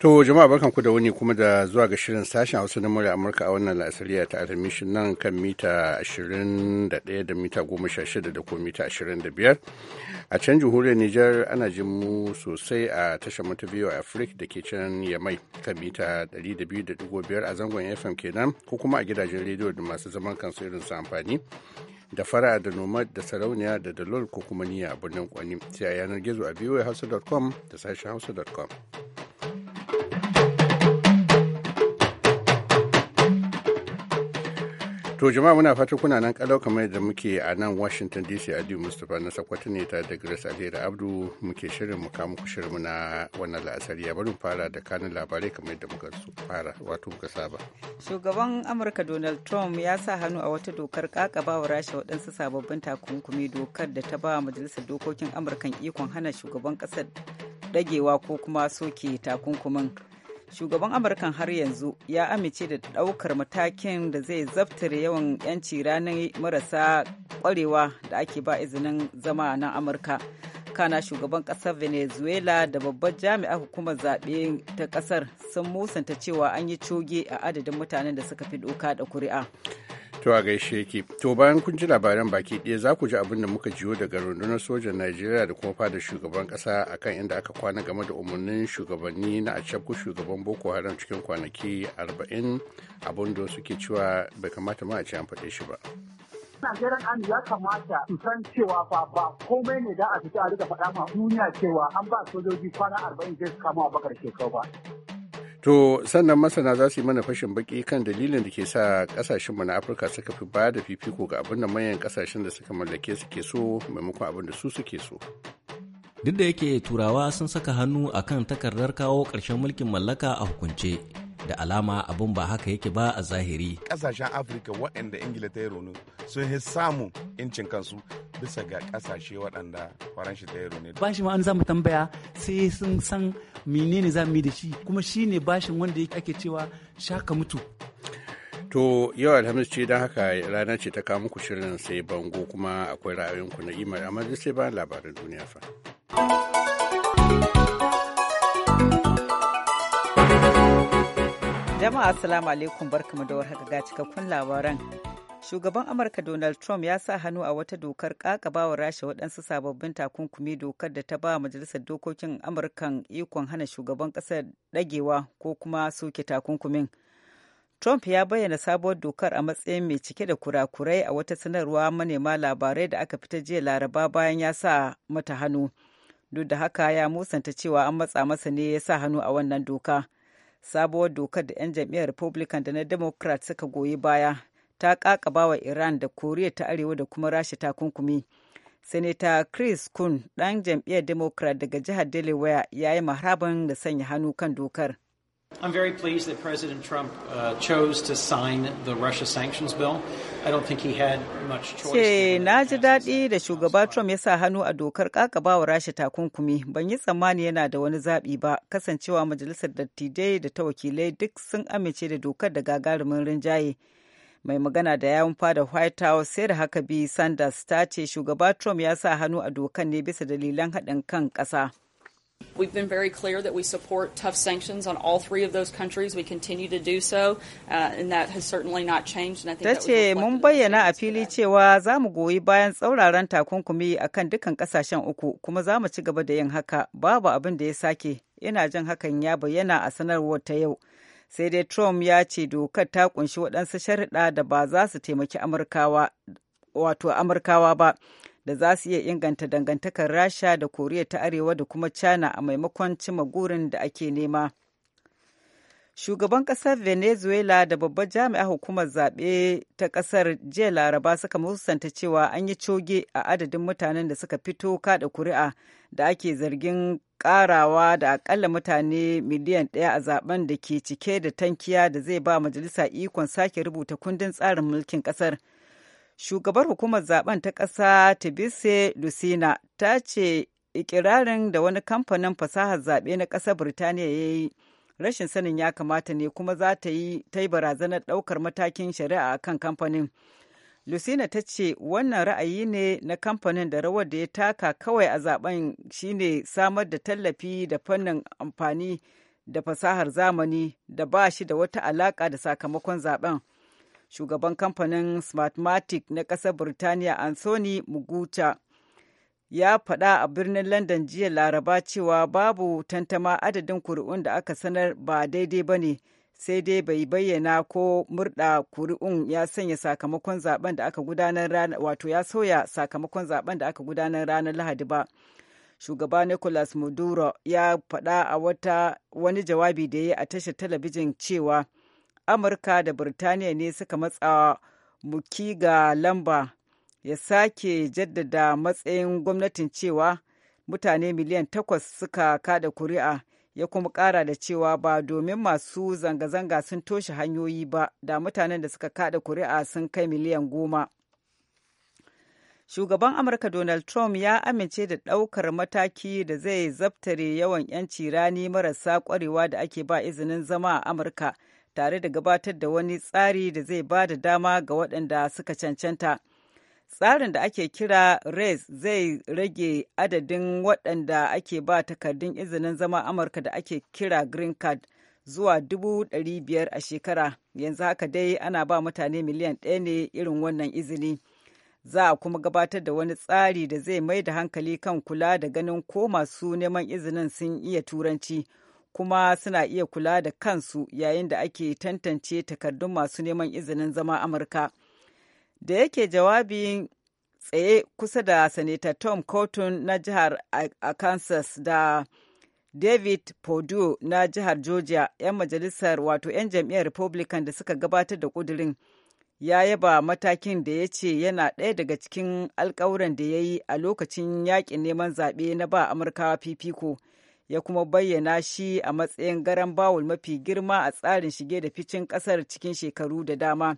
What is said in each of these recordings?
To jama'a barkanku da wuni kuma da zuwa ga shirin sashen Hausa na murya Amurka a wannan la'asariya ta aramishin nan kan mita 21 da mita 16 da ko mita 25. A can jihuriyar Nijar ana jin mu sosai a tashar mata biyu a Afirka da ke can Yamai kan mita 200.5 a zangon FM kenan ko kuma a gidajen rediyo da masu zaman kansu irin su amfani. da fara da nomad da sarauniya da dalol ko kuma niya birnin kwani sai a yanar gizo a biyu hausa.com da sashen hausa.com. To jama'a muna fata kuna nan kalau kamar da muke a nan Washington DC Aliyu Mustapha na Sakwata ne tare da Grace Alheri Abdu muke shirin mu kama ku shirin na wannan la'asari ya bari fara da kanin labarai kamar da muka fara wato muka saba. Shugaban Amurka Donald Trump ya sa hannu a wata dokar kakaba wa Rasha waɗansu sababbin takunkumi dokar da ta ba majalisar dokokin Amurkan ikon hana shugaban ƙasar dagewa ko kuma soke takunkumin. shugaban amurka har yanzu ya amince da daukar matakin da zai zaftare yawan 'yanci ranar marasa ƙwarewa da ake ba izinin zama a nan amurka kana shugaban ƙasar venezuela da babbar jami'a hukumar zaɓe ta kasar sun musanta cewa an yi coge a adadin mutanen da suka fi doka da kuri'a To a gaishe yake. To bayan kun ji labaran baki ɗaya za ku ji abin da muka jiyo daga rundunar sojan Najeriya da kuma fada shugaban ƙasa kan inda aka kwana game da umarnin shugabanni na a shugaban Boko Haram cikin kwanaki 40 abin da suke cewa bai kamata ma a ce an faɗe shi ba. Najeriyan an ya kamata su san cewa ba ba komai ne da a fita a rika faɗa ma duniya cewa an ba sojoji kwana arba'in zai kama bakar shekaru ba. To sannan masana za su yi mana fashin baki kan dalilin da ke sa mu na Afirka suka fi ba da fifiko ga abin da manyan kasashen da suka mallake suke so maimakon abin da su suke so. Duk da yake turawa sun saka hannu a kan takardar kawo ƙarshen mulkin mallaka a hukunce. da alama abun ba haka yake ba a zahiri kasashen afirka waɗanda ingila ta yi ronu sun yi samun incin kansu bisa ga kasashe waɗanda Faransa ta yi ronu ba shi ma an zama tambaya sai sun san menene za mu yi da shi kuma shi ne bashin wanda ake cewa shaka mutu To yau Alhamis ce don haka rana ce ta kawo muku shirin sai bango kuma akwai ra'ayinku na imar amma sai ba labarin duniya fa. Jama'a assalamu alaikum barkamu da warhaka ga cikakkun labaran. Shugaban Amurka Donald Trump ya sa hannu a wata dokar wa rasha waɗansu sababbin takunkumi dokar da ta ba majalisar dokokin Amurkan ikon hana shugaban ƙasar ɗagewa ko kuma soke takunkumin. Trump ya bayyana sabuwar dokar a matsayin mai cike da kurakurai a wata sanarwa manema labarai da aka fita jiya laraba bayan ya sa mata hannu. Duk da haka ya musanta cewa an matsa masa ne ya sa hannu a wannan doka. sabuwar dokar da 'yan jam'iyyar republican da na democrat suka goyi baya ta kakaba wa iran da koriya ta arewa da kuma rasha takunkumi Senata Chris Kun, ɗan jam'iyyar Democrat daga jihar Delaware, ya yi da sanya hannu kan dokar. I'm very pleased that President Trump uh, chose to sign the Russia sanctions bill. I don't think he had much choice. Ce na ji daɗi da shugaba Trump ya sa hannu a dokar ƙaƙabawa Rasha takunkumi. Ban yi tsammani yana da wani zaɓi ba, kasancewa majalisar dattijai da ta wakilai duk sun amince da dokar da gagarumin rinjaye. Mai magana da yawun fada White House sai da haka bi Sanders ta ce shugaba Trump ya sa hannu a dokar ne bisa dalilan haɗin kan ƙasa. We've been very clear that we support tough sanctions on all three of those countries. We continue to do so, uh, and that has certainly not changed. And I think Ta ce mun bayyana a fili cewa za mu goyi bayan tsauraran takunkumi a kan dukkan kasashen uku, kuma za mu ci gaba da yin haka babu abin da ya sake. Ina jin hakan ya bayyana a sanarwar ta yau. Sai dai Trump ya ce dokar ta kunshi waɗansu sharuɗa da ba za su taimaki Amurkawa wato Amurkawa ba. da za su iya inganta dangantakar rasha da koriya ta arewa da kuma china a maimakon cima gurin da ake nema shugaban kasar venezuela da babbar jami'a hukumar zaɓe ta ƙasar jiya laraba suka musanta cewa an yi coge a adadin mutanen da suka fito kaɗa kuri'a da ake zargin ƙarawa da akalla mutane miliyan ɗaya a zaben da ke cike da tankiya da zai ba majalisa ikon sake rubuta kundin tsarin mulkin ƙasar. shugabar hukumar zaben ta ƙasa tibise lucina ta ce ikirarin da wani kamfanin fasahar zaɓe na ƙasar birtaniya ya yi rashin sanin ya kamata ne kuma za ta yi ta yi barazanar ɗaukar matakin shari'a a kan kamfanin lucina ta ce wannan ra'ayi ne na kamfanin da rawar da ya taka kawai a zaben shine samar da tallafi da fannin amfani da fasahar zamani da ba shi da wata alaƙa da sakamakon zaben. shugaban kamfanin smartmatic na ƙasar burtaniya anthony muguta ya faɗa a birnin london jiya laraba cewa babu tantama adadin kuri'un da aka sanar ba daidai ba ne sai dai bai bayyana ko murɗa kuri'un ya sanya sakamakon zaben da aka gudanar wato ya soya sakamakon zaben da aka gudanar ranar lahadi ba shugaba nicolas maduro ya faɗa a wata wani jawabi da ya yi a tashar talabijin cewa amurka da birtaniya ne suka matsa muki ga lamba ya sake jaddada matsayin gwamnatin cewa mutane miliyan takwas suka kada kuri'a ya kuma kara da cewa ba domin masu zanga-zanga sun toshe hanyoyi ba da mutanen da suka kada kuri'a sun kai miliyan goma shugaban amurka donald trump ya amince da ɗaukar mataki da zai zabtare yawan 'yanci rani marasa ƙwarewa da ake ba izinin zama a amurka tare da gabatar da wani tsari da zai ba da dama ga waɗanda suka cancanta. Tsarin da ake kira RACE zai rage adadin waɗanda ake ba takardun izinin zama Amurka da ake kira Green Card zuwa dubu ɗari biyar a shekara. Yanzu haka dai ana ba mutane miliyan ɗaya ne irin wannan izini. Za a kuma gabatar da wani tsari da zai mai da hankali kan kula da ganin ko masu neman izinin sun iya turanci. kuma suna iya kula da kansu yayin da ake tantance takardun masu neman izinin zama amurka da yake jawabin tsaye kusa da sanata tom cotton na jihar arkansas da david perdue na jihar georgia 'yan majalisar wato 'yan jam'iyyar republican da suka gabatar da ƙudirin, ya yaba matakin da ya ce yana ɗaya daga cikin alkawuran da ya yi a lokacin yaƙin neman zaɓe na ba amurkawa fifiko ya kuma bayyana shi a matsayin garan bawul mafi girma a tsarin shige da ficin kasar cikin shekaru da dama.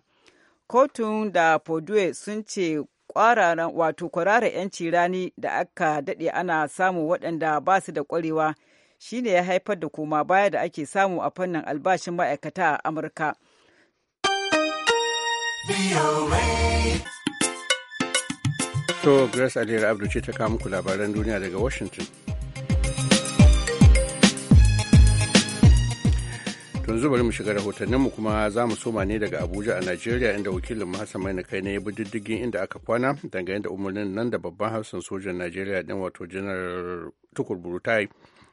Kotun da fodue sun ce kwararan wato kwararar 'yanci rani da aka daɗe ana samu waɗanda ba su da ƙwarewa shi ne ya haifar da koma baya da ake samu a fannin albashin ma'aikata a Amurka. To Grace Aliyar Abdu ce ta kawo muku labaran duniya daga Washington. yanzu bari mu shiga mu kuma za mu soma ne daga abuja a nigeria inda wakilin mahasa mai na kai ne ya bi diddigin inda aka kwana dangane da umarnin nan da babban hafsan sojan nigeria din wato janar tukur burutai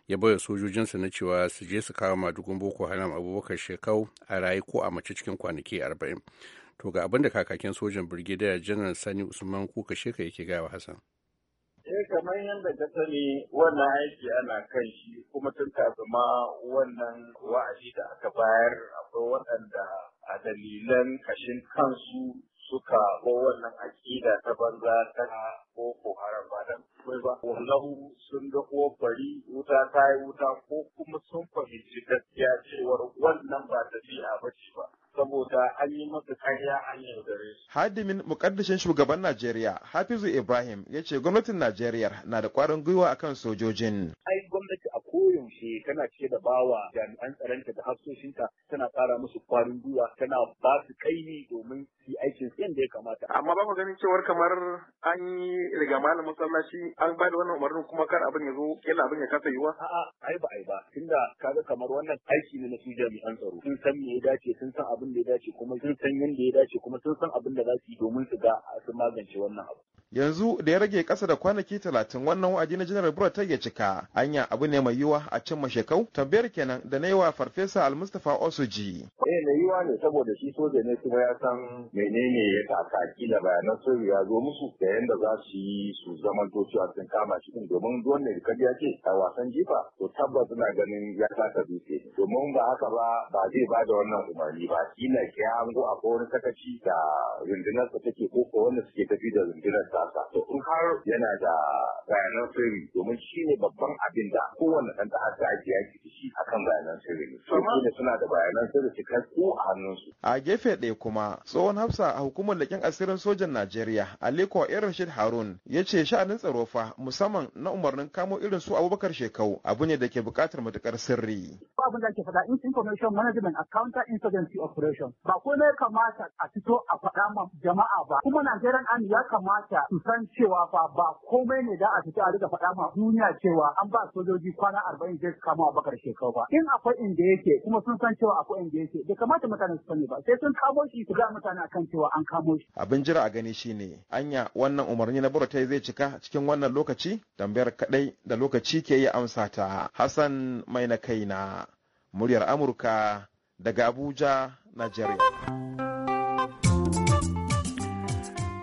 ya baiwa sojojinsa na cewa su je su kawo madugun boko haram abubakar shekau a raye ko a mace cikin kwanaki arba'in to ga abinda kakakin sojan birgidiyar janar sani usman kuka sheka yake gaya wa hassan Eh kamar yadda ka sani wannan aiki ana kan shi kuma tun kafin ma wannan wa'azi da aka bayar akwai waɗanda a dalilan kashin kansu suka ko wannan aƙida ta banza ta boko haram ba da kai ba wallahu sun ga bari wuta ta yi wuta ko kuma sun fahimci gaskiya cewar wannan ba tafiya ba ce ba saboda an yi masa karya an yaudare su. Hadimin mukaddashin shugaban Najeriya Hafizu Ibrahim ya ce gwamnatin Najeriya na da kwarin gwiwa akan sojojin. Ai gwamnati a koyaushe tana cike da bawa jami'an tsaronta da hafsoshinta tana tsara musu kwarin gwiwa tana ba su kaini domin yi aikin su yadda ya kamata. Amma ba mu ganin cewar kamar an yi riga malam masallaci an ba da wannan umarnin kuma kar abin ya zo kila abin ya kasa yiwa. A'a ai ba ai ba tunda kaga kamar wannan aiki ne na su jami'an tsaro sun san me ya dace sun san abin da ya dace kuma sun san yadda ya dace kuma sun san abin da za su yi domin su ga su magance wannan abu. yanzu da ya rage kasa da kwanaki talatin wannan wa'adi na janar burata ya cika anya abu ne mai yiwuwa a cimma shekau tambayar kenan da na yi wa farfesa almustapha osoji eh na yiwa ne saboda shi soja ne kuma ya san menene ya taka kila bayanan sirri ya zo musu da yadda za su yi su zaman to cewa sun kama shi din domin duwan da ya ce a wasan jifa to tabbas suna ganin ya taka dutse domin ba haka ba ba zai ba da wannan umarni ba kila ke hango a wani sakaci da rundunar sa take ko ko wanda suke tafi da rundunar tasa to in har yana da bayanan sirri domin shi ne babban abin da kowane ɗan ta'adda ake yaki da shi akan bayanan sirri ne. Suna da bayanan sirri ko a hannunsu. A gefe ɗaya kuma tsohon amsa a hukumar laƙin asirin sojan najeriya aliko a rashid harun ya ce sha'anin tsaro fa musamman na umarnin kamo irin su abubakar shekau abu ne da ke buƙatar matuƙar sirri ba abin da ake faɗa information management a counter insurgency operation ba ne kamata a fito a faɗa ma jama'a ba kuma najeriyan an ya kamata su san cewa fa ba komai ne da a fito a riƙa faɗa ma duniya cewa an ba sojoji kwana arba'in zai kama abubakar shekau ba in akwai inda yake kuma sun san cewa akwai inda yake bai kamata mutane su sani ba sai sun kamo shi su ga mutane akan kan cewa an kamo shi. Abin jira a gani shine anya wannan umarni na Buratai zai cika cikin wannan lokaci tambayar kadai da lokaci ke yi amsa ta Hassan mai na kai na muryar Amurka daga Abuja, Najeriya.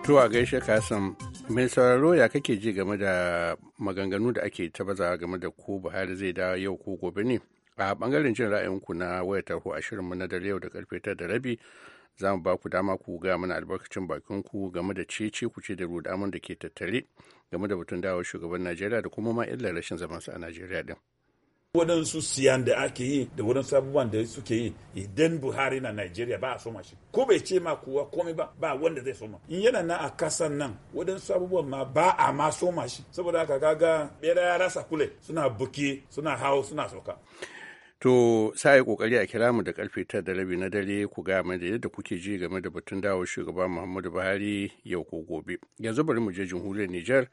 Tuwa gaishe kasan mai sauraro ya kake ji game da maganganu da ake ta bazawa game da ko Buhari zai dawo yau ko gobe ne? a bangaren jin ra'ayinku na wayar tarho a mu na dare yau da karfe ta da rabi za mu ba ku dama ku ga mana albarkacin bakin ku game da cece ku ce da rudaman da ke tattare game da batun dawo shugaban najeriya da kuma ma illa rashin zaman su a najeriya din waɗansu siyan da ake yi da waɗansu abubuwan da suke yi idan buhari na nigeria ba a soma shi ko bai ce ma kuwa komai ba ba wanda zai soma in yana nan a kasan nan waɗansu abubuwan ma ba a ma soma shi saboda haka ga bera ya rasa kule suna buki suna hau suna sauka. To sai kokari a kira mu da karfe ta da rabi na dare ku ga mai da yadda kuke ji game da batun dawo shugaba Muhammadu Buhari yau ko gobe. Yanzu bari mu je jamhuriyar Nijar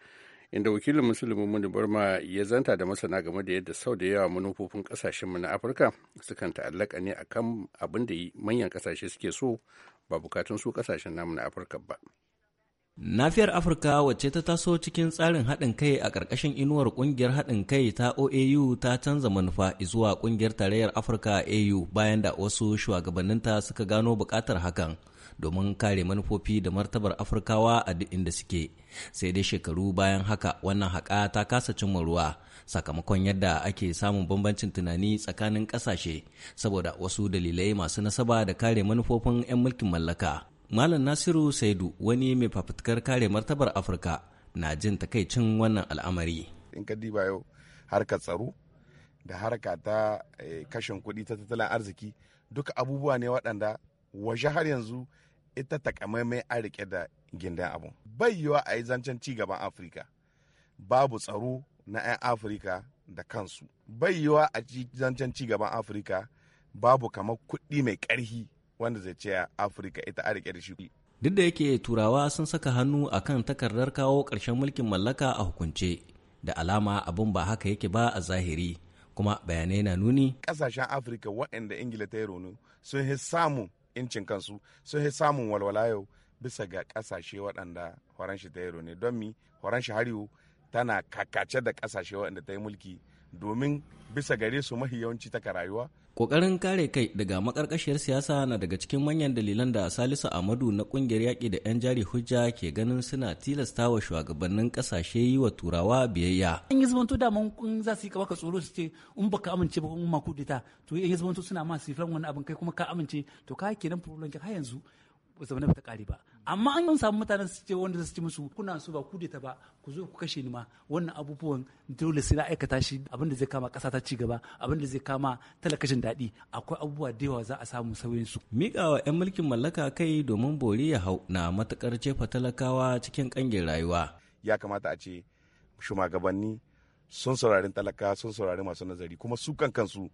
inda wakilin musulmin mun Burma ya zanta da masana game da yadda sau da yawa manufofin kasashen mu na Afirka sukan ta'allaka ne akan abin da manyan kasashe suke so ba bukatun su kasashen namu na Afirka ba. Nafiyar Afirka wacce ta taso cikin tsarin haɗin kai a ƙarƙashin inuwar ƙungiyar haɗin kai ta OAU ta canza manufa zuwa ƙungiyar tarayyar Afirka AU bayan da wasu shugabanninta suka gano buƙatar hakan domin kare manufofi da martabar Afirkawa a duk inda suke. Sai dai shekaru bayan haka wannan haƙa ta kasa cimma ruwa sakamakon yadda ake samun bambancin tunani tsakanin ƙasashe saboda wasu dalilai masu nasaba da kare manufofin 'yan mulkin mallaka. Malam Nasiru Saidu wani mai fafutukar kare martabar Afirka na jin takaicin wannan al'amari. In ka diba yau harkar tsaro da harka ta eh, kashin kuɗi ta tattalin arziki duka abubuwa ne waɗanda waje har yanzu ita takamaimai a rike da gindin abu. Bai yiwa a yi zancen ci gaban Afirka babu tsaro na 'yan Afirka da kansu. Bai yiwa a zancen ci gaban Afirka babu kamar kuɗi mai ƙarfi wanda zai ce afirka ita a rike da shi duk da yake turawa sun saka hannu a kan takardar kawo ƙarshen mulkin mallaka a hukunce da alama abun ba haka yake ba a zahiri kuma bayanai na nuni ƙasashen afirka waɗanda ingila ta yi rono sun yi samun incin kansu sun yi samun walwala yau bisa ga ƙasashe waɗanda faranshi ta yi rono don mi faranshi har yau tana kakace da ƙasashe waɗanda ta yi mulki domin bisa gare su mahi yawanci taka rayuwa Ƙoƙarin kare kai daga makarkashiyar siyasa na daga cikin manyan dalilan da Salisu Amadu na ƙungiyar yaƙi da 'yan jari hujja ke ganin suna tilasta wa shugabannin ƙasashe yi wa turawa biyayya. An yi zamanto da mun za su yi kaba ka tsoro su ce in baka amince ba kuma makudita to in yi zamanto suna ma sifiran wani abin kai kuma ka amince to ka kenan problem ka yanzu zaune ta kare ba amma an samu mutanen su ce wanda su ci musu kuna su ba ku ta ba ku zo ku kashe ni ma wannan abubuwan dole sai na aikata shi abin da zai kama ƙasa ta ci gaba abin da zai kama talakashin daɗi akwai abubuwa da yawa za a samu sauyin su miƙawa 'yan mulkin mallaka kai domin bori ya hau na matukar jefa talakawa cikin ƙangin rayuwa ya kamata a ce shugabanni sun saurari talaka sun saurari masu nazari kuma su kan kansu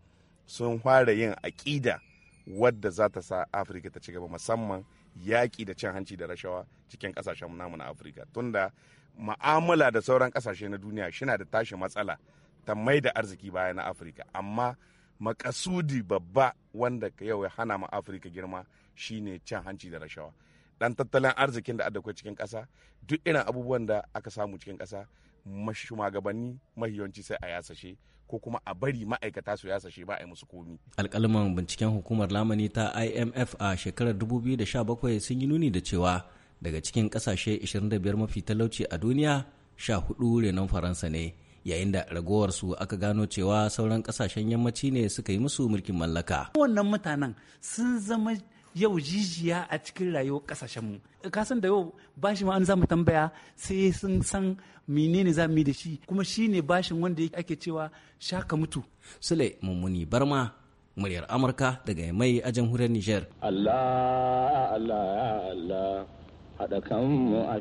sun fara yin aƙida wadda za ta sa afirka ta ci gaba musamman yaƙi da cin hanci da rashawa cikin ƙasashen namu na afirka tunda ma'amala da sauran ƙasashe na duniya shina da tashi matsala ta mai da arziki baya na afirka amma makasudi babba wanda yau ya hana ma afirka girma shine cin hanci da rashawa dan tattalin arzikin da adakwai cikin ƙasa duk irin abubuwan da aka samu cikin ƙasa shugabanni mahiyanci sai a yasashe ko kuma a bari ma'aikata su yasashe ba a yi musu komi. alkalman binciken hukumar lamani ta imf a shekarar 2017 sun yi nuni da cewa daga cikin kasashe 25 mafi talauci a duniya hudu renon faransa ne yayin da ragowarsu aka gano cewa sauran kasashen yammaci ne suka yi musu mulkin mallaka. wannan mutanen sun zama yau jijiya a cikin rayuwar kasashenmu kasan da yau bashi ma an zamu tambaya sai sun san menene za mu yi da shi kuma shi ne bashin wanda ake cewa shaka mutu sule mummuni barma muryar amurka daga mai a jamhuriyar niger allah allah allah haɗa kanmu a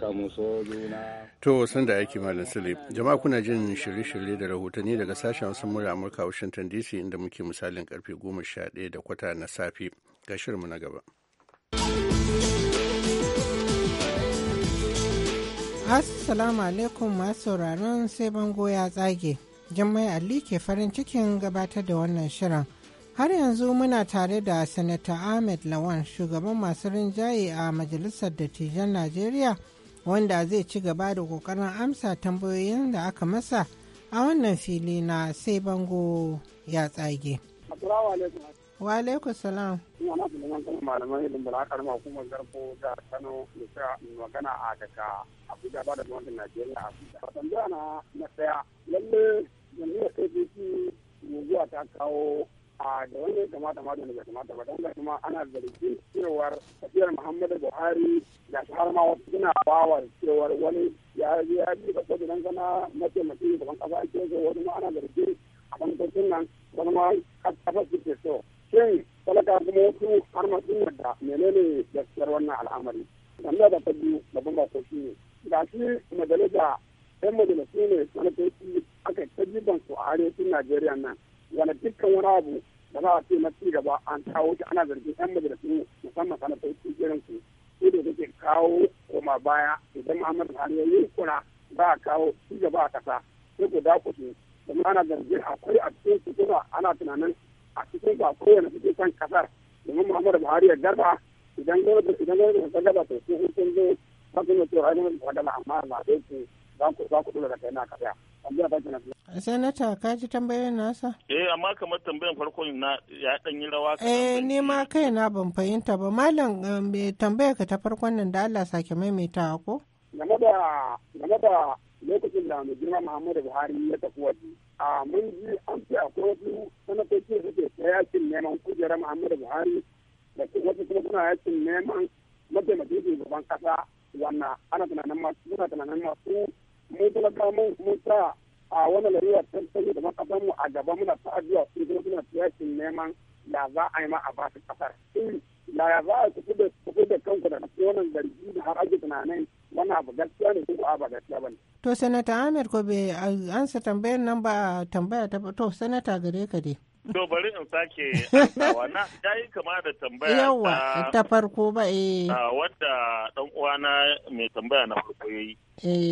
kanmu so juna. To san da aiki Malam Sule. Jama'a kuna jin shirye-shirye da rahotanni daga sashen wasu mura Amurka Washington DC inda muke misalin karfe goma sha ɗaya da kwata na safe. Ga shirinmu na gaba. Assalamu alaikum masu sauraron sai bango ya tsage. Jummai Ali ke farin cikin gabatar da wannan shirin. har yanzu muna tare da sanata ahmed lawan shugaban masu rinjaye a majalisar dattijan najeriya wanda zai ci gaba da kokarin amsa tambayoyin da aka masa a wannan fili na sai bango ya tsage wa alaikum salam ina sunan kuma malaman ilimin balakar ma hukumar garko da kano da ta magana a daga abuja ba da gwamnatin najeriya a abuja tambaya na na tsaya lalle yanzu da kai zuwa ta kawo a da wanda ya kamata ma da wanda kamata ba don kuma ana zargin cewar tafiyar muhammadu buhari da su har ma wasu suna bawa cewar wani ya je ya bi da kotu don kana mataimakin gaban kasa ake so wani ma ana zargin a bankocin nan wani ma kafa su ke so shin talaka kuma wasu har ma sun yadda menene gaskiyar wannan al'amari tambaya da ta biyu babban bako shi ne ga shi majalisa yan majalisu ne sanatoci aka ta jiban su a arewacin najeriya nan wani dukkan wani abu da za a ce na ci gaba an kawo shi ana zargin yan majalisun musamman yi irin su su da suke kawo koma baya idan muhammadu buhari ya yi kura za a kawo ci gaba a kasa sai ku dakushe domin ana zargin akwai a cikin su kuma ana tunanin a cikin ba kowane suke son kasar domin muhammadu buhari ya garba idan gaba idan gaba ta gaba to sai sun zo ba su ne to ainihin wadda amma ba sai ku za ku dole da kai na kasa Sanata ka ji tambayoyin nasa? Eh amma kamar tambayan farko na ya dan yi rawa. Eh ni ma kai na ban fahimta ba malam um, me tambaya ka ta farkon nan da Allah sake maimaitawa ko? Game da game da lokacin da mai girma Muhammadu Buhari ya tafi waje. A mun ji an ce akwai wasu sanatoci suke ta yakin neman kujerar Muhammadu Buhari da wasu kuma suna yakin neman mataimakin shugaban kasa wannan ana tunanin masu mun talaka mun sa a wani lariya ta sanya da makasan mu a gaba muna ta ajiya sun zo suna siyasin neman da za a yi ma a basu kasar da ya za a kuɗi da da kanku da kasu wannan zargi da har ake tunanin wani abu gaskiya ne ko ba gaskiya ba to sanata amir ko bai ansa tambayar nan ba tambaya ta ba to sanata gare ka dai. To bari in sake amsawa na yi kama da tambaya Yawa ta farko ba eh. Wadda ɗan uwana mai tambaya na farko yi.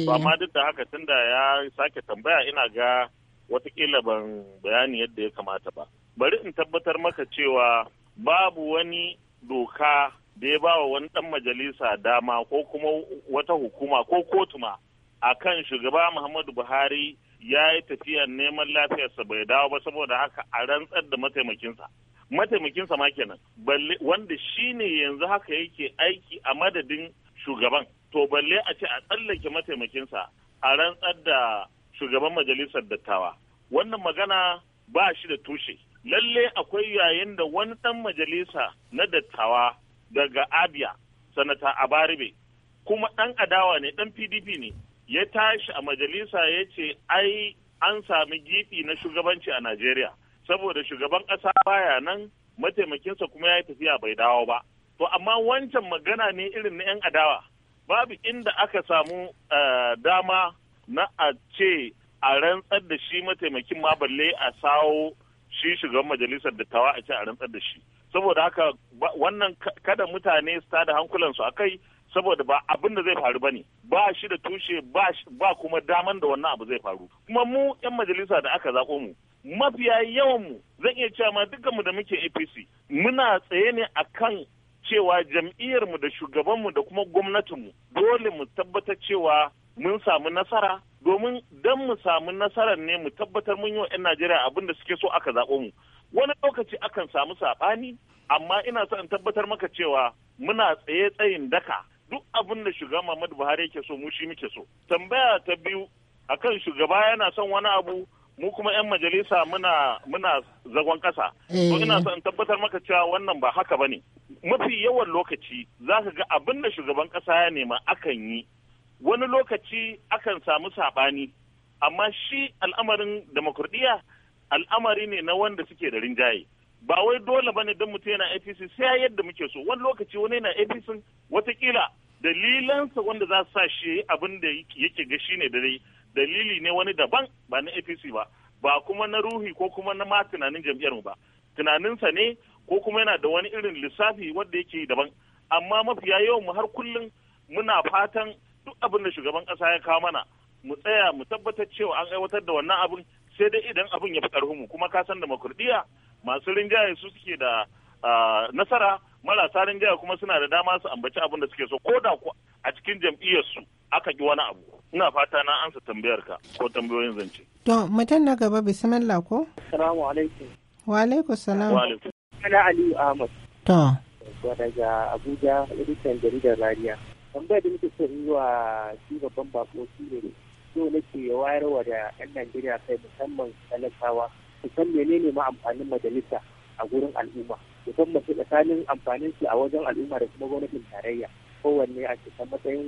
Ba eh. ma duk da haka tunda ya sake tambaya ina ga watakila ban bayani yadda ya kamata ba. Bari in tabbatar maka cewa babu wani doka da ya ba wa wani ɗan majalisa dama ko kuma wata hukuma ko kotu ma a kan shugaba Muhammadu Buhari ya yi tafiyar neman lafiyarsa bai dawo ba saboda haka a rantsar da mataimakinsa. Mataimakinsa ma kenan, wanda shi ne yanzu haka yake aiki a madadin shugaban. To balle a ce a tsallake mataimakinsa a rantsar da shugaban majalisar dattawa. Wannan magana ba shi da tushe. Lalle akwai yayin da wani ɗan majalisa na dattawa daga Abia, sanata Abaribe, kuma ɗan adawa ne, ɗan PDP ne, ya tashi a majalisa ya ce ai an sami gifi na shugabanci a Najeriya saboda shugaban ƙasa baya nan mataimakinsa kuma ya yi tafiya bai dawo ba. To amma wancan magana ne irin na 'yan adawa babu inda aka samu eh, dama na a ce a rantsar da shi mataimakin ma balle a sawo shi shugaban majalisar dattawa a ce a rantsar da shi. Saboda haka wannan kada mutane su tada hankulansu a kai saboda ba abin da zai faru ba ne ba shi da tushe ba kuma daman da wannan abu zai faru kuma mu yan majalisa da aka zaɓo mu mafiya yawan mu zan iya cewa ma dukkan mu da muke APC muna tsaye ne akan cewa jam'iyyar mu da shugaban mu da kuma gwamnatin mu dole mu tabbatar cewa mun samu nasara domin dan mu samu nasarar ne mu tabbatar mun yi wa 'yan Najeriya abin da suke so aka zaɓo mu wani lokaci akan samu saɓani amma ina son tabbatar maka cewa muna tsaye tsayin daka duk abin da shugaba Muhammadu Buhari yake so mu shi muke so tambaya ta biyu akan shugaba yana son wani abu mu kuma 'yan majalisa muna muna zagon kasa to ina eh. son tabbatar maka cewa wannan ba haka bane mafi yawan lokaci za ka ga abin da shugaban kasa ya nema akan yi wani lokaci akan samu saɓani amma shi al'amarin demokurdiyya al'amari ne na wanda suke da rinjaye ba wai dole bane don mutum yana APC sai yadda muke so wani lokaci wani yana APC watakila dalilansa wanda za su sa shi abin da yake ga shi ne dai dalili ne wani daban ba na APC ba ba kuma na ruhi ko kuma na ma tunanin jam'iyyar mu ba tunaninsa ne ko kuma yana da wani irin lissafi wanda yake daban amma mafiya yawan mu har kullum muna fatan duk abin da shugaban kasa ya kawo mana mu tsaya mu tabbatar cewa an aiwatar da wannan abin sai dai idan abin ya fi ƙarfinmu kuma ka san demokuraɗiyya masu rinjaye su suke da nasara marasa rinjaye kuma suna da dama su ambaci abin da suke so ko da a cikin jam'iyyarsu aka ki wani abu ina fata na ansa tambayar ka ko tambayoyin zance. to mutum na gaba bismillah ko. salamu alaikum. wa alaikum salam. wa alaikum. kana aliyu ahmad. to. daga abuja editan jaridar rariya. tambayar da muke so yi wa shi babban bako shi ne Yau nake wayarwa da 'yan Najeriya kai musamman talakawa su san menene ma amfanin majalisa a gurin al'umma musamman su tsakanin amfanin su a wajen al'umma da kuma gwamnatin tarayya kowanne a cikin matsayin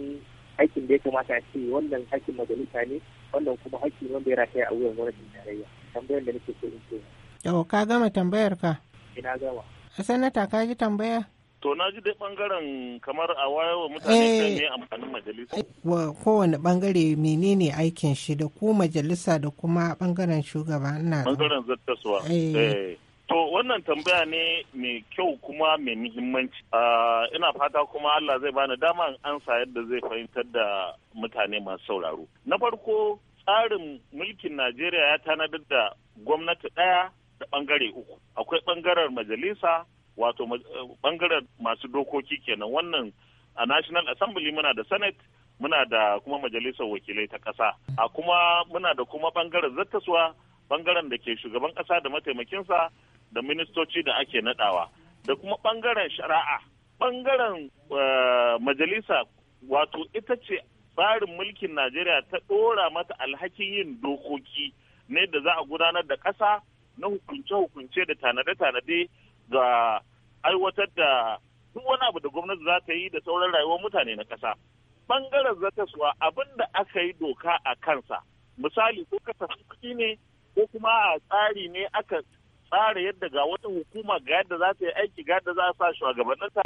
aikin da ya kamata a ce wannan hakkin majalisa ne wannan kuma aikin wanda ya rataya a wuyan gwamnatin tarayya tambayar da nake so in ce. Yau ka gama tambayar ka? Ina gama. A sanata ka ji tambaya? To na ji dai bangaren kamar a wayewa mutane eh. kan ne amfanin majalisa. Eh, wa kowane bangare menene aikin shi da ku majalisa da kuma bangaren shugaba na. Bangaren zattaswa. Eh. To wannan tambaya ne mai kyau kuma mai muhimmanci. Ah, ina fata kuma Allah zai bani dama ansa yadda zai fahimtar da mutane masu sauraro. Na farko tsarin mulkin Najeriya ya tanadar da gwamnati ɗaya da ɓangare uku. Akwai ɓangaren majalisa, wato eh, bangaren masu dokoki kenan wannan a national assembly muna da senate muna da kuma majalisar wakilai ta ƙasa a kuma muna da kuma bangaren zattaswa bangaren da ke shugaban ƙasa da mataimakinsa da ministoci da ake nadawa da kuma bangaren shari'a bangaren eh, majalisa wato ita ce tsarin mulkin najeriya ta ɗora mata alhakin yin dokoki ne da za a gudanar da ƙasa na hukunce-hukunce da tanade-tanade ga aiwatar da duk wani abu da gwamnati za ta yi da sauran rayuwar mutane na kasa Bangaren zataswa abin da aka yi doka a kansa, misali ko kasafin kuɗi ne ko kuma a tsari ne aka tsara yadda ga wata hukuma ga yadda za ta yi aiki ga yadda za a sa shugabanninta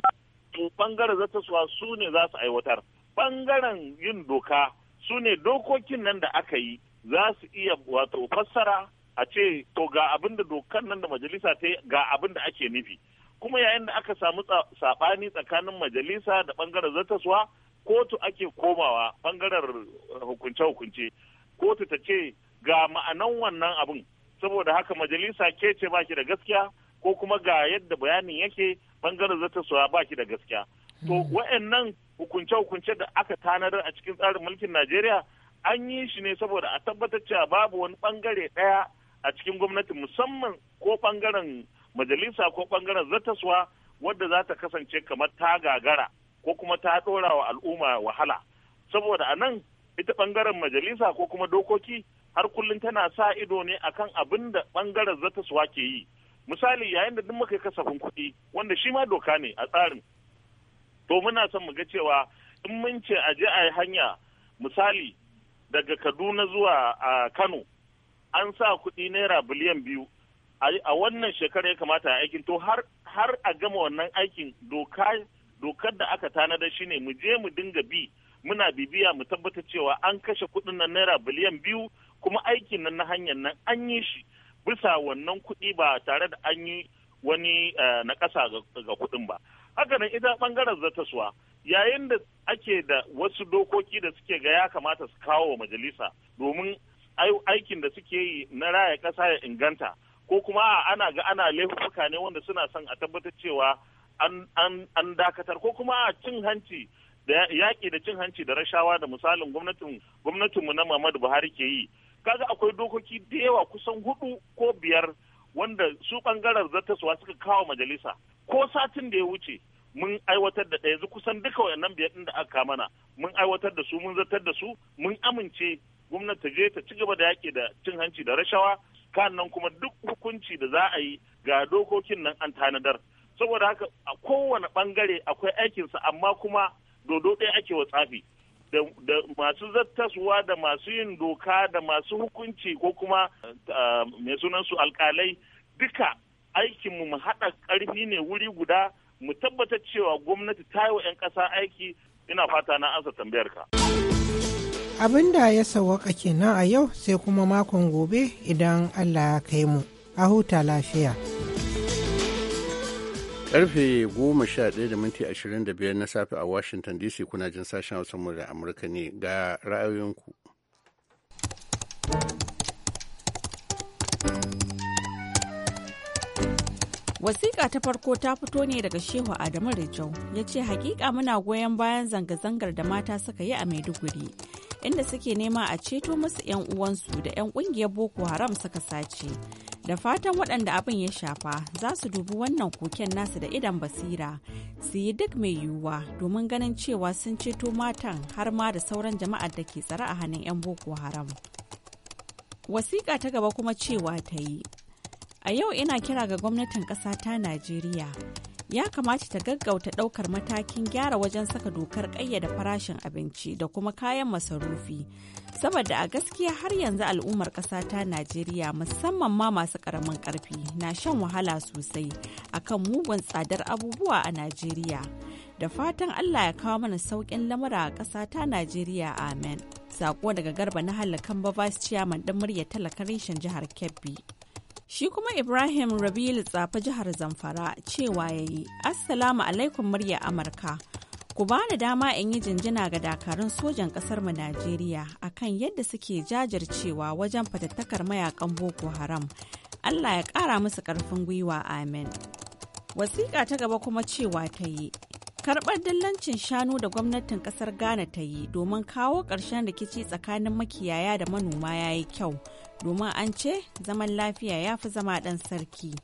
to bangaren zataswa su ne za su aiwatar. Bangaren yin doka su ne dokokin nan da aka yi za su iya wato fassara a ce to ga abin da dokan nan da majalisa ta ga abin da ake nufi kuma yayin da aka samu saɓani tsakanin majalisa da bangaren zataswa kotu ake komawa bangaren eh, hukunce-hukunce kotu ta ce ga ma'anan wannan abin saboda haka majalisa ke ce ba ki da gaskiya ko kuma ga yadda bayanin yake bangaren zataswa ba ki da gaskiya to hmm. wa'annan hukunce-hukunce da aka tanadar a cikin tsarin mulkin najeriya an yi shi ne saboda a tabbatar cewa babu wani bangare ɗaya a cikin gwamnati musamman ko bangaren majalisa ko bangaren suwa wadda za ta kasance kamar ta gagara ko kuma ta ɗora wa al'umma wahala saboda a nan ita bangaren majalisa ko kuma dokoki har kullum tana sa ido ne akan abin da bangaren suwa ke yi misali yayin da duk muka kasafin kuɗi wanda shi ma doka ne a tsarin to muna son mu ga cewa in mun ce a je a yi hanya misali daga kaduna zuwa a kano an sa kuɗi naira biliyan biyu a wannan shekarar ya kamata a aikin to har a gama wannan aikin dokar da aka tanada shine mu je mu dinga bi muna bibiya mu tabbatar cewa an kashe kudin nan naira biliyan biyu kuma aikin nan na hanyar nan an yi shi bisa wannan kuɗi ba tare da an yi wani eh, na ƙasa ga kuɗin ba haka nan ita ɓangaren zatasuwa yayin da ake da wasu dokoki da suke ga ya kamata su kawo wa majalisa domin aikin da suke yi na raya kasa ya inganta ko kuma ana ga ana laifuka ne wanda suna son a tabbatar cewa an dakatar ko kuma a cin hanci da yaƙi da cin hanci da rashawa da misalin gwamnatin gwamnatinmu na Muhammadu Buhari ke yi kaga akwai dokoki da yawa kusan hudu ko biyar wanda su bangaren zartaswa suka kawo majalisa ko satin da ya wuce mun aiwatar da ɗaya kusan duka wayannan biyar ɗin da aka mana mun aiwatar da su mun zartar da su mun amince gwamnati ta je ta ci gaba da yaƙi da cin hanci da rashawa kannan kuma duk hukunci da za a yi ga dokokin nan an tanadar saboda haka a kowane bangare akwai aikinsa amma kuma dodo ɗaya ake wa tsafi da masu zattaswa da masu yin doka da masu hukunci ko kuma mai sunansu alkalai duka aikinmu mu haɗa ƙarfi ne wuri guda mu tabbatar cewa gwamnati ta yi wa 'yan ƙasa aiki ina fata na ansa tambayar ka. abin da ya sawaka kenan a yau sai kuma makon gobe idan allah ya kai mu a huta lafiya karfe 11:25 na safe a washington dc kuna jin sashen hausa da amurka ne ga ra'ayoyinku Wasiƙa ta farko ta fito ne daga Shehu Adamu Rijau ya ce hakika muna goyon bayan zanga-zangar da mata suka yi a Maiduguri. inda suke nema a ceto musu 'yan uwansu da 'yan kungiyar boko haram suka sace da fatan waɗanda abin ya shafa za su dubi wannan koken nasu da idan basira su yi duk mai yiwuwa domin ganin cewa sun ceto matan har ma da sauran jama'ar da ke tsare a hannun 'yan boko haram wasiƙa ta gaba kuma cewa ta yi a yau ina kira ga gwamnatin ƙasa ta najeriya ya kamata ta gaggauta ɗaukar matakin gyara wajen saka dokar ƙayyada farashin abinci da kuma kayan masarufi saboda a gaskiya har yanzu al'ummar ƙasa ta najeriya musamman ma masu ƙaramin ƙarfi na shan wahala sosai akan mugun tsadar abubuwa a najeriya da fatan allah ya kawo mana sauƙin lamura a ƙasa ta najeriya amen sako daga garba na halakan babas ɗan murya talaka reshen jihar kebbi Shi kuma Ibrahim Rabil tsafa jihar Zamfara cewa ya yi, Assalamu alaikum murya Amurka. Ku ba da dama in yi jinjina ga dakarun sojan mu Najeriya akan yadda suke jajircewa wajen fatattakar mayakan Boko Haram. Allah ya ƙara musu ƙarfin gwiwa amen. Wasiƙa ta gaba kuma cewa ta yi, karɓar dillancin shanu da gwamnatin ƙasar Ghana ta yi domin kawo ƙarshen rikici tsakanin makiyaya da manoma ya yi kyau. domin an ce zaman lafiya ya fi zama ɗan sarki.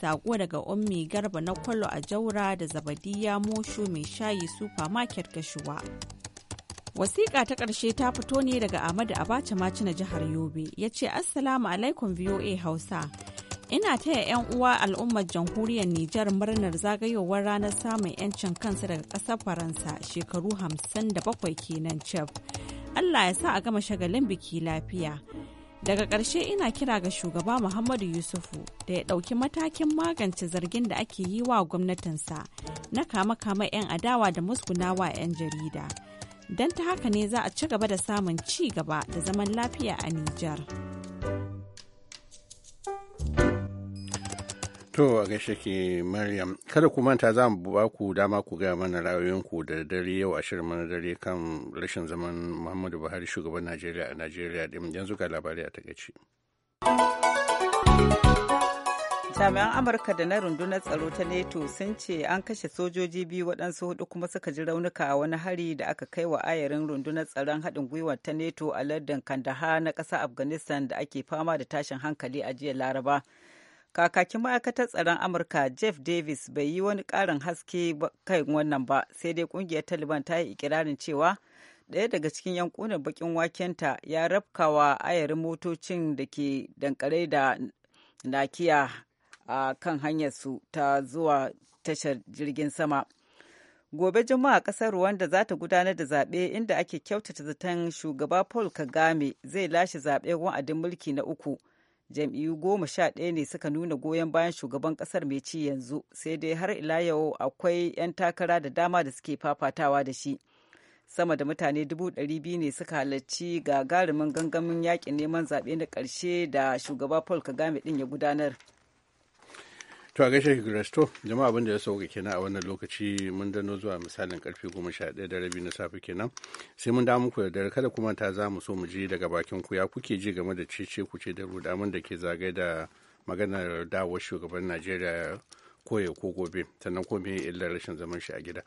Sako daga Ummi Garba na Kwallo a Jaura da Zabadiya Mosho mai shayi supermarket Gashuwa. Wasiƙa ta ƙarshe ta fito ne daga Ahmadu Abacha Maci na jihar Yobe ya ce Assalamu alaikum VOA Hausa. Ina taya 'yan uwa al'ummar jamhuriyar Nijar murnar zagayowar ranar samun 'yancin kansa daga ƙasar Faransa shekaru 57 kenan cef. Allah ya sa a gama shagalin biki lafiya. daga ƙarshe ina kira ga shugaba muhammadu yusufu da ya ɗauki matakin magance zargin da ake yi wa gwamnatinsa na kama-kama 'yan adawa da musgunawa 'yan jarida don ta haka ne za a ci gaba da samun ci gaba da zaman lafiya a nijar. To a gaishe ke Maryam, kada ku manta za mu ba ku dama ku gaya mana ra'ayoyinku da dare yau a shirin mana dare kan rashin zaman Muhammadu Buhari shugaban Najeriya a Najeriya din yanzu ga labari a takaice. Jami'an Amurka da na rundunar tsaro ta NATO sun ce an kashe sojoji biyu waɗansu hudu kuma suka ji raunuka a wani hari da aka kai wa ayarin rundunar tsaron haɗin gwiwar ta NATO a lardin Kandahar na ƙasar Afghanistan da ake fama da tashin hankali a jiya Laraba. kakakin ma'aikatar tsaron amurka jeff davis bai yi wani ƙarin haske kai wannan ba sai dai ƙungiyar taliban ta yi ikirarin cewa ɗaya daga cikin yankunan bakin wakenta ya rafkawa ayarin motocin da ke dankare da nakiya a kan hanyar su ta zuwa tashar jirgin sama gobe juma'a ƙasar rwanda za ta gudanar da zaɓe inda ake kyautata zaton shugaba paul kagame zai lashe zaɓe wa'adin mulki na uku jam'iyyu goma sha ɗaya ne suka nuna goyon bayan shugaban ƙasar mai ci yanzu sai dai har ila yau akwai 'yan takara da dama da suke fafatawa da shi sama da mutane dubu ɗari biyu ne suka halarci gagarumin gangamin yaƙin neman zaɓe na ƙarshe da shugaba paul kagame ɗin ya gudanar to a gaishe ki grasto jama'a abin ya sauka kenan a wannan lokaci mun dano zuwa misalin karfe goma sha ɗaya da rabi na safe kenan sai mun da muku da dare kada kuma ta za mu so mu je daga bakin ku ya kuke ji game da cece ku ce da mun da ke zagaye da maganar dawo shugaban najeriya koya ko gobe sannan ko mai illar rashin zaman shi a gida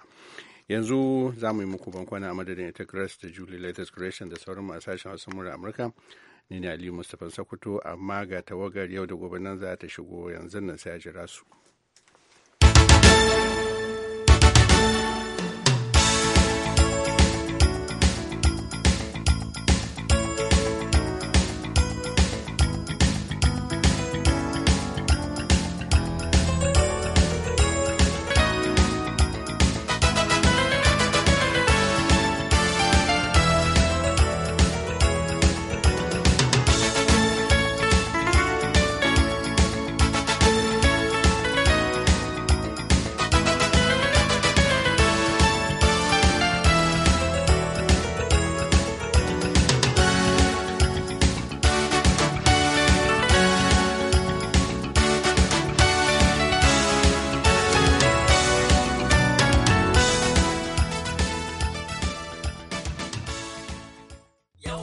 yanzu za mu yi muku bankwana a madadin ita grace da julie latest creation da sauran masashen sashen wasu murar amurka ni ne aliyu mustapha sokoto amma ga tawagar yau da gobe nan za ta shigo yanzu nan sai a jira su